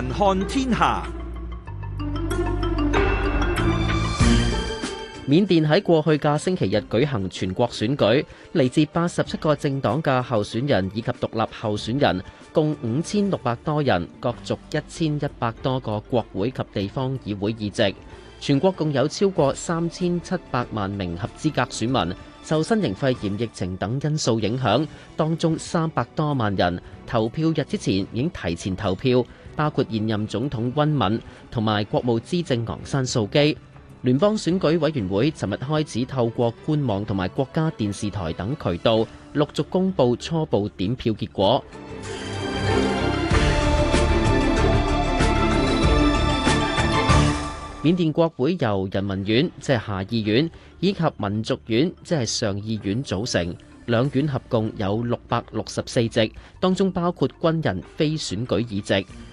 環看天下，緬甸喺過去嘅星期日舉行全國選舉，嚟自八十七個政黨嘅候選人以及獨立候選人共五千六百多人角逐一千一百多個國會及地方議會議席。全國共有超過三千七百萬名合資格選民，受新型肺炎疫情等因素影響，當中三百多萬人投票日之前已經提前投票。包括現任總統温敏同埋國務資政昂山素姬，聯邦選舉委員會尋日開始透過官網同埋國家電視台等渠道，陸續公布初步點票結果。 緬甸國會由人民院即係、就是、下議院以及民族院即係、就是、上議院組成，兩院合共有六百六十四席，當中包括軍人非選舉議席。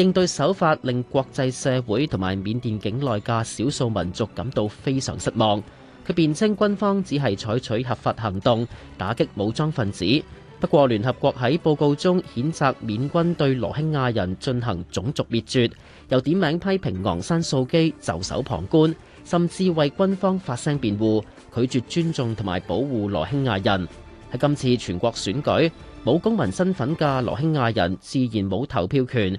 應對手法令國際社會同埋緬甸境內嘅少數民族感到非常失望。佢辯稱軍方只係採取合法行動，打擊武裝分子。不過聯合國喺報告中譴責緬軍對羅興亞人進行種族滅絕，又點名批評昂山素姬袖手旁觀，甚至為軍方發聲辯護，拒絕尊重同埋保護羅興亞人。喺今次全國選舉，冇公民身份嘅羅興亞人自然冇投票權。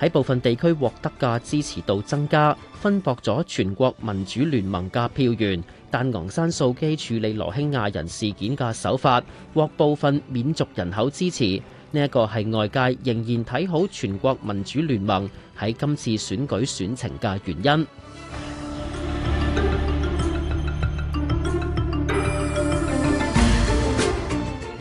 喺部分地區獲得嘅支持度增加，分薄咗全國民主聯盟嘅票源。但昂山素姬處理羅興亞人事件嘅手法，獲部分緬族人口支持。呢一個係外界仍然睇好全國民主聯盟喺今次選舉選情嘅原因。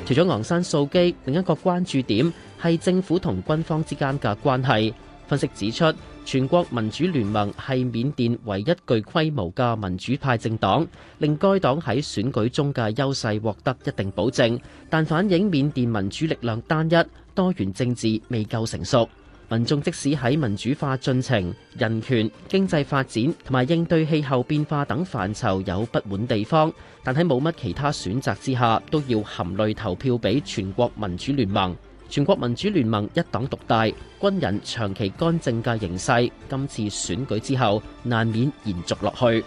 除咗昂山素姬，另一個關注點係政府同軍方之間嘅關係。分析指出，全國民主聯盟係緬甸唯一具規模嘅民主派政黨，令該黨喺選舉中嘅優勢獲得一定保證。但反映緬甸民主力量單一，多元政治未夠成熟。民眾即使喺民主化進程、人權、經濟發展同埋應對氣候變化等範疇有不滿地方，但喺冇乜其他選擇之下，都要含淚投票俾全國民主聯盟。全國民主聯盟一黨獨大，軍人長期干政嘅形勢，今次選舉之後難免延續落去。